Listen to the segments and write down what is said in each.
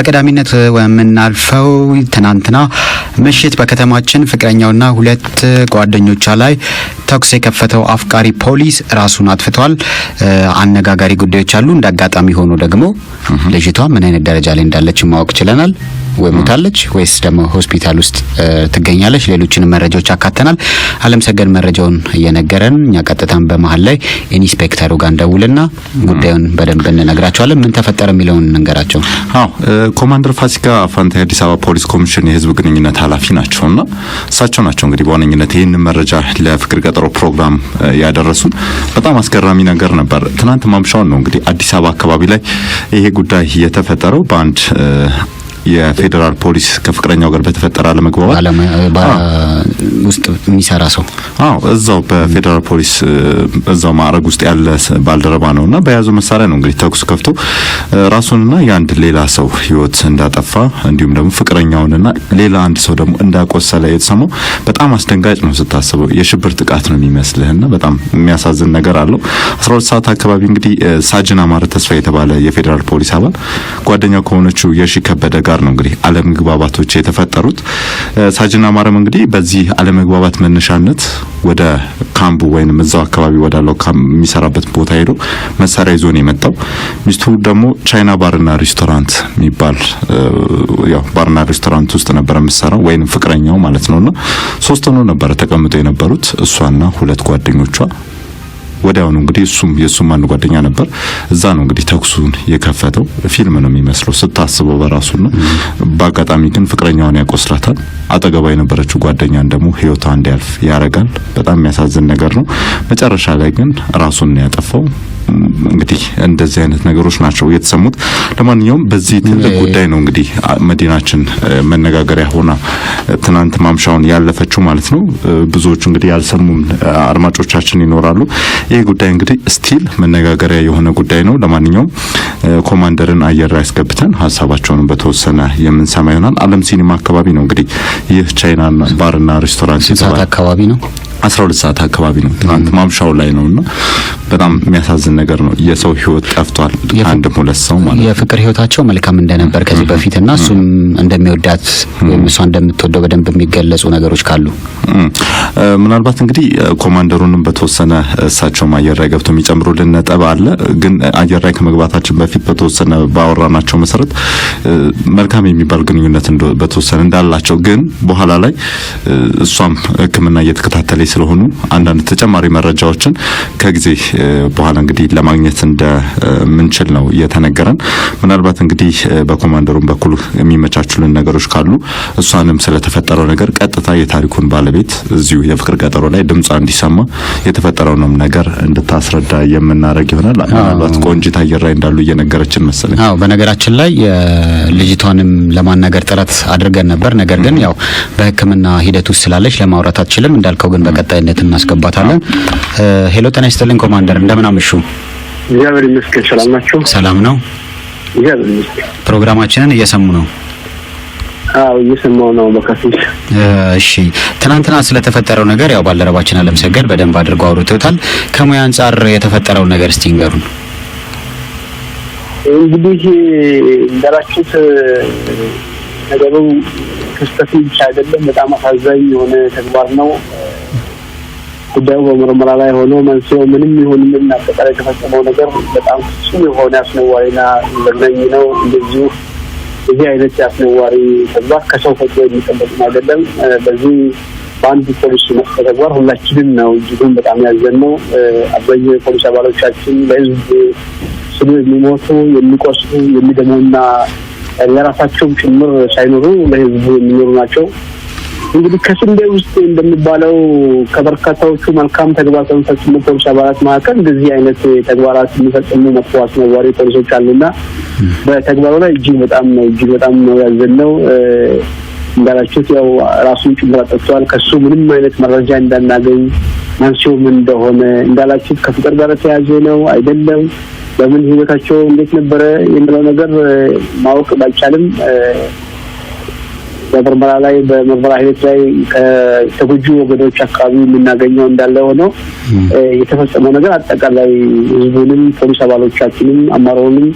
በቀዳሚነት የምናልፈው ትናንትና ምሽት በከተማችን ፍቅረኛውና ሁለት ጓደኞቿ ላይ ተኩስ የከፈተው አፍቃሪ ፖሊስ ራሱን አጥፍቷል። አነጋጋሪ ጉዳዮች አሉ። እንደ አጋጣሚ ሆኖ ደግሞ ልጅቷ ምን አይነት ደረጃ ላይ እንዳለች ማወቅ ችለናል። ወይ ሞታለች ወይስ ደግሞ ሆስፒታል ውስጥ ትገኛለች። ሌሎችንም መረጃዎች አካተናል። አለም ሰገድ መረጃውን እየነገረን እኛ ቀጥታን በመሀል ላይ ኢንስፔክተሩ ጋር እንደውልና ጉዳዩን በደንብ እንነግራቸዋለን። ምን ተፈጠረ የሚለውን እንንገራቸው። አዎ ኮማንደር ፋሲካ አፋንታ የአዲስ አበባ ፖሊስ ኮሚሽን የህዝብ ግንኙነት ኃላፊ ናቸውና እሳቸው ናቸው እንግዲህ በዋነኝነት ይህንን መረጃ ለፍቅር ቀጠሮ ፕሮግራም ያደረሱን። በጣም አስገራሚ ነገር ነበር። ትናንት ማምሻውን ነው እንግዲህ አዲስ አበባ አካባቢ ላይ ይሄ ጉዳይ የተፈጠረው በአንድ የፌዴራል ፖሊስ ከፍቅረኛው ጋር በተፈጠረ አለመግባባት ውስጥ የሚሰራ ሰው አዎ፣ እዛው በፌዴራል ፖሊስ እዛው ማዕረግ ውስጥ ያለ ባልደረባ ነው እና በያዘው መሳሪያ ነው እንግዲህ ተኩስ ከፍቶ ራሱንና የአንድ ሌላ ሰው ህይወት እንዳጠፋ እንዲሁም ደግሞ ፍቅረኛውንና ሌላ አንድ ሰው ደግሞ እንዳቆሰለ የተሰማው በጣም አስደንጋጭ ነው። ስታስበው የሽብር ጥቃት ነው የሚመስልህና በጣም የሚያሳዝን ነገር አለው። አስራ ሁለት ሰዓት አካባቢ እንግዲህ ሳጅን አማረ ተስፋ የተባለ የፌዴራል ፖሊስ አባል ጓደኛው ከሆነችው የሺ ከበደ ጋር ነው እንግዲህ አለመግባባቶች የተፈጠሩት። ሳጅና አማረም እንግዲህ በዚህ አለመግባባት መነሻነት ወደ ካምቡ ወይም እዛው አካባቢ ወዳለው የሚሰራበት ቦታ ሄዶ መሳሪያ ይዞ ነው የመጣው። ሚስቱ ደግሞ ቻይና ባርና ሬስቶራንት የሚባል ያው ባርና ሬስቶራንት ውስጥ ነበረ የምትሰራው ወይም ፍቅረኛው ማለት ነውና ሶስት ሆኖ ነበረ ተቀምጦ የነበሩት እሷና ሁለት ጓደኞቿ ወዲያው ነው እንግዲህ እሱም የእሱም አንድ ጓደኛ ነበር እዛ ነው እንግዲህ ተኩሱን የከፈተው። ፊልም ነው የሚመስለው ስታስበው በራሱና በአጋጣሚ ግን ፍቅረኛዋን ያቆስላታል። አጠገባ የነበረችው ጓደኛን ደግሞ ህይወቷ እንዲያልፍ ያረጋል። በጣም የሚያሳዝን ነገር ነው። መጨረሻ ላይ ግን ራሱን ያጠፋው እንግዲህ እንደዚህ አይነት ነገሮች ናቸው የተሰሙት። ለማንኛውም በዚህ ትልቅ ጉዳይ ነው እንግዲህ መዲናችን መነጋገሪያ ሆና ትናንት ማምሻውን ያለፈችው ማለት ነው። ብዙዎች እንግዲህ ያልሰሙም አድማጮቻችን ይኖራሉ። ይህ ጉዳይ እንግዲህ ስቲል መነጋገሪያ የሆነ ጉዳይ ነው። ለማንኛውም ኮማንደርን አየር ላይ አስገብተን ሀሳባቸውን በተወሰነ የምንሰማ ይሆናል። አለም ሲኒማ አካባቢ ነው እንግዲህ ይህ ቻይና ባርና ሬስቶራንት አካባቢ ነው አስራ ሁለት ሰዓት አካባቢ ነው ትናንት ማምሻው ላይ ነውና በጣም የሚያሳዝን ነገር ነው። የሰው ህይወት ጠፍቷል። አንድም ሁለት ሰው ማለት ነው። የፍቅር ህይወታቸው መልካም እንደነበር ከዚህ በፊት እና እሱም እንደሚወዳት ወይም እሷ እንደምትወደው በደንብ የሚገለጹ ነገሮች ካሉ ምናልባት እንግዲህ ኮማንደሩንም በተወሰነ እሳቸውም አየር ላይ ገብቶ የሚጨምሩልን ነጥብ አለ። ግን አየር ላይ ከመግባታችን በፊት በተወሰነ ባወራናቸው መሰረት መልካም የሚባል ግንኙነት በተወሰነ እንዳላቸው ግን በኋላ ላይ እሷም ሕክምና እየተከታተለ ስለሆኑ አንዳንድ ተጨማሪ መረጃዎችን ከጊዜ በኋላ እንግዲህ ለማግኘት እንደምንችል ነው እየተነገረን። ምናልባት እንግዲህ በኮማንደሩም በኩል የሚመቻችሉን ነገሮች ካሉ እሷንም ስለተፈጠረው ነገር ቀጥታ የታሪኩን ባለቤት እዚሁ የፍቅር ቀጠሮ ላይ ድምጿ እንዲሰማ የተፈጠረውንም ነገር እንድታስረዳ የምናደርግ ይሆናል። ምናልባት ቆንጂት አየራይ እንዳሉ እየነገረችን መሰለኝ። አዎ፣ በነገራችን ላይ ልጅቷንም ለማናገር ጥረት አድርገን ነበር። ነገር ግን ያው በሕክምና ሂደት ውስጥ ስላለች ለማውራት አትችልም። እንዳልከው ግን በቀጣይነት እናስገባታለን። ሄሎ ጤና ይስጥልኝ ኮማንደር እስክንድር እንደምን አመሹ? እግዚአብሔር ይመስገን። ሰላም ናቸው? ሰላም ነው። ፕሮግራማችንን እየሰሙ ነው? አዎ እየሰማው ነው። በከፊል እሺ። ትናንትና ስለተፈጠረው ነገር ያው ባልደረባችን አለምሰገድ በደንብ አድርጎ አውርቶታል። ከሙያ አንጻር የተፈጠረውን ነገር እስቲ ንገሩን። እንግዲህ እንዳላችሁት ነገሩ ክስተቱ ብቻ አይደለም፣ በጣም አሳዛኝ የሆነ ተግባር ነው። ጉዳዩ በምርመራ ላይ ሆኖ መንስኤው ምንም ይሁን ምን አጠቃላይ የተፈጸመው ነገር በጣም ፍጹም የሆነ አስነዋሪና ዘግናኝ ነው። እንደዚሁ እዚህ አይነት የአስነዋሪ ተግባር ከሰው ፈጥሮ የሚጠበቅም አይደለም። በዚህ በአንድ ፖሊስ መጥፎ ተግባር ሁላችንም ነው እጅጉን በጣም ያዘን ነው። አብዛኛ የፖሊስ አባሎቻችን በህዝብ ስሉ የሚሞቱ የሚቆስሉ፣ የሚደሙና ለራሳቸው ጭምር ሳይኖሩ ለህዝቡ የሚኖሩ ናቸው። እንግዲህ ከስንዴ ውስጥ እንደሚባለው ከበርካታዎቹ መልካም ተግባር ከሚፈጽሙ ፖሊስ አባላት መካከል እንደዚህ አይነት ተግባራት የሚፈጽሙ መጥፎ አስነዋሪ ፖሊሶች አሉና በተግባሩ ላይ እጅግ በጣም እጅግ በጣም ነው ያዘን ነው። እንዳላችሁት ያው ራሱን ጭምር ጠጥቷል ከሱ ምንም አይነት መረጃ እንዳናገኝ መንስኤውም እንደሆነ እንዳላችሁት ከፍቅር ጋር ተያዘ ነው አይደለም። በምን ህይወታቸው እንዴት ነበረ የሚለው ነገር ማወቅ ባይቻልም በምርመራ ላይ በምርመራ ሂደት ላይ ከተጎጂ ወገኖች አካባቢ የምናገኘው እንዳለ ሆኖ የተፈጸመው ነገር አጠቃላይ ህዝቡንም፣ ፖሊስ አባሎቻችንም፣ አማራውንም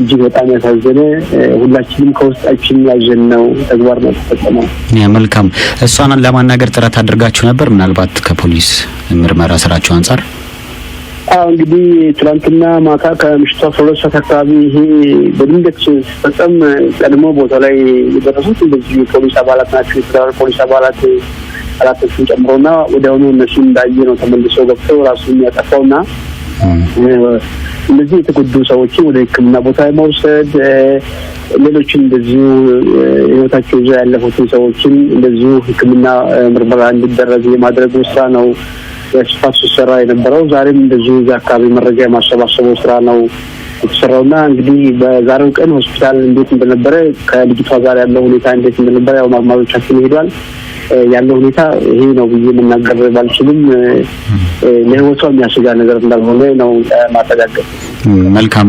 እጅግ በጣም ያሳዘነ ሁላችንም ከውስጣችን ያዘን ነው ተግባር ነው የተፈጸመው። መልካም እሷን ለማናገር ጥረት አድርጋችሁ ነበር ምናልባት ከፖሊስ ምርመራ ስራችሁ አንጻር እንግዲህ ትላንትና ማታ ከምሽቱ አስራ ሁለት ሰዓት አካባቢ ይሄ በድንገት ሲፈጸም ቀድሞ ቦታ ላይ የደረሱት እንደዚህ የፖሊስ አባላት ናቸው። የፌዴራል ፖሊስ አባላት አራቶቹን ጨምሮና ወዲያውኑ እነሱ እንዳየ ነው ተመልሶ ገብተው ራሱ የሚያጠፋውና እንደዚህ የተጎዱ ሰዎችን ወደ ሕክምና ቦታ የመውሰድ ሌሎችን እንደዚሁ ህይወታቸው ይዞ ያለፉትን ሰዎችን እንደዚሁ ሕክምና ምርመራ እንዲደረግ የማድረግ ስራ ነው በስፋት ሲሰራ የነበረው ዛሬም እንደዚሁ እዚ አካባቢ መረጃ የማሰባሰበው ስራ ነው የተሰራውና እንግዲህ በዛሬው ቀን ሆስፒታል እንዴት እንደነበረ ከልጅቷ ጋር ያለው ሁኔታ እንዴት እንደነበረ ያው ማማሪዎቻችን ይሄዷል ያለው ሁኔታ ይሄ ነው ብዬ መናገር ባልችልም ለህይወቷ የሚያስጋ ነገር እንዳልሆነ ነው ማረጋገጥ መልካም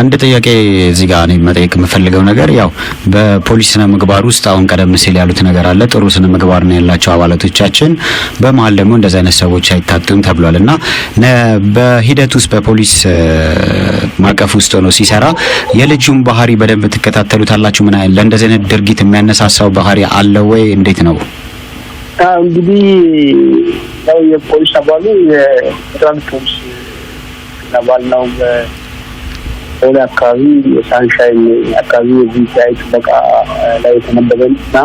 አንድ ጥያቄ እዚህ ጋር እኔ መጠየቅ የምፈልገው ነገር ያው በፖሊስ ስነ ምግባር ውስጥ አሁን ቀደም ሲል ያሉት ነገር አለ። ጥሩ ስነ ምግባር ነው ያላቸው አባላቶቻችን፣ በመሀል ደግሞ እንደዚህ አይነት ሰዎች አይታጡም ተብሏል እና በሂደት ውስጥ በፖሊስ ማቀፍ ውስጥ ሆኖ ሲሰራ የልጁን ባህሪ በደንብ ትከታተሉታላችሁ? ምን አይነት ለእንደዚህ አይነት ድርጊት የሚያነሳሳው ባህሪ አለ ወይ? እንዴት ነው እንግዲህ ያው የፖሊስ አባሉ የፌደራል ፖሊስ ዋናው በሆነ አካባቢ የሳንሻይን አካባቢ የዚህ የዚቻይ ጥበቃ ላይ የተመደበን እና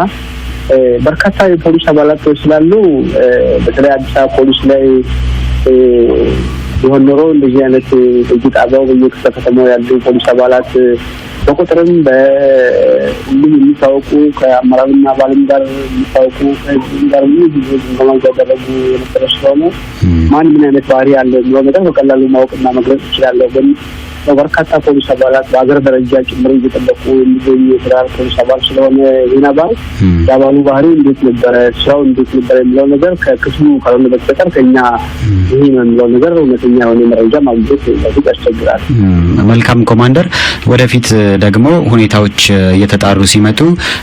በርካታ የፖሊስ አባላት ስላሉ በተለይ አዲስ አበባ ፖሊስ ላይ ቢሆን ኖሮ እንደዚህ አይነት እጅ ጣቢያው በየክፍለ ከተማው ያሉ ፖሊስ አባላት በቁጥርም በሁሉም የሚታወቁ ከአመራርና ባልም ጋር የሚታወቁ ከህዝብም ጋር ብዙ ጊዜ በማንዝ ያደረጉ የነበረ ስለሆነ ማን ምን አይነት ባህሪ ያለው የሚለው ነገር በቀላሉ ማወቅና መግለጽ ይችላለሁ። ግን በበርካታ ፖሊስ አባላት በሀገር ደረጃ ጭምር እየጠበቁ የሚገኙ የፌዴራል ፖሊስ አባል ስለሆነ ይህን አባል የአባሉ ባህሪ እንዴት ነበረ፣ ስራው እንዴት ነበረ የሚለው ነገር ከክፍሉ ካልሆነ በስተቀር ከኛ ይህ ነው የሚለው ነገር እውነተኛ የሆነ መረጃ ማግኘት ያስቸግራል። መልካም ኮማንደር ወደፊት ደግሞ ሁኔታዎች እየተጣሩ ሲመጡ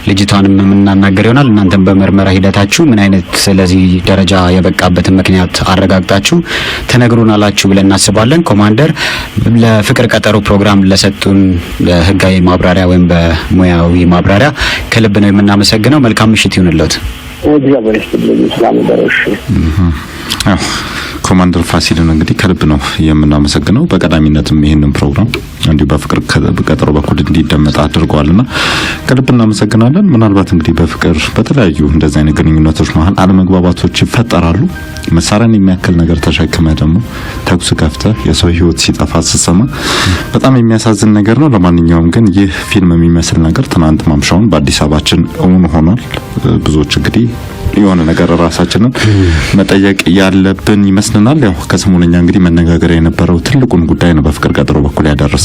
ልጅቷንም የምናናገር ይሆናል። እናንተም በምርመራ ሂደታችሁ ምን አይነት ለዚህ ደረጃ የበቃበትን ምክንያት አረጋግጣችሁ ተነግሩናላችሁ ብለን እናስባለን። ኮማንደር፣ ለፍቅር ቀጠሮ ፕሮግራም ለሰጡን ህጋዊ ማብራሪያ ወይም በሙያዊ ማብራሪያ ከልብ ነው የምናመሰግነው። መልካም ምሽት ይሁንለት። ኮማንደር ፋሲልን እንግዲህ ከልብ ነው የምናመሰግነው። በቀዳሚነትም ይህንን ፕሮግራም እንዲሁ በፍቅር ቀጠሮ በኩል እንዲደመጥ አድርገዋልና ከልብ እናመሰግናለን። ምናልባት እንግዲህ በፍቅር በተለያዩ እንደዚህ አይነት ግንኙነቶች መሀል አለመግባባቶች ይፈጠራሉ። መሳሪያን የሚያክል ነገር ተሸክመ ደግሞ ተኩስ ከፍተ የሰው ህይወት ሲጠፋ ስሰማ በጣም የሚያሳዝን ነገር ነው። ለማንኛውም ግን ይህ ፊልም የሚመስል ነገር ትናንት ማምሻውን በአዲስ አበባችን እውን ሆኗል። ብዙዎች እንግዲህ የሆነ ነገር ራሳችንን መጠየቅ ያለብን ይመስልናል። ያው ከሰሞነኛ እንግዲህ መነጋገሪያ የነበረው ትልቁን ጉዳይ ነው በፍቅር ቀጠሮ በኩል ያደረሰ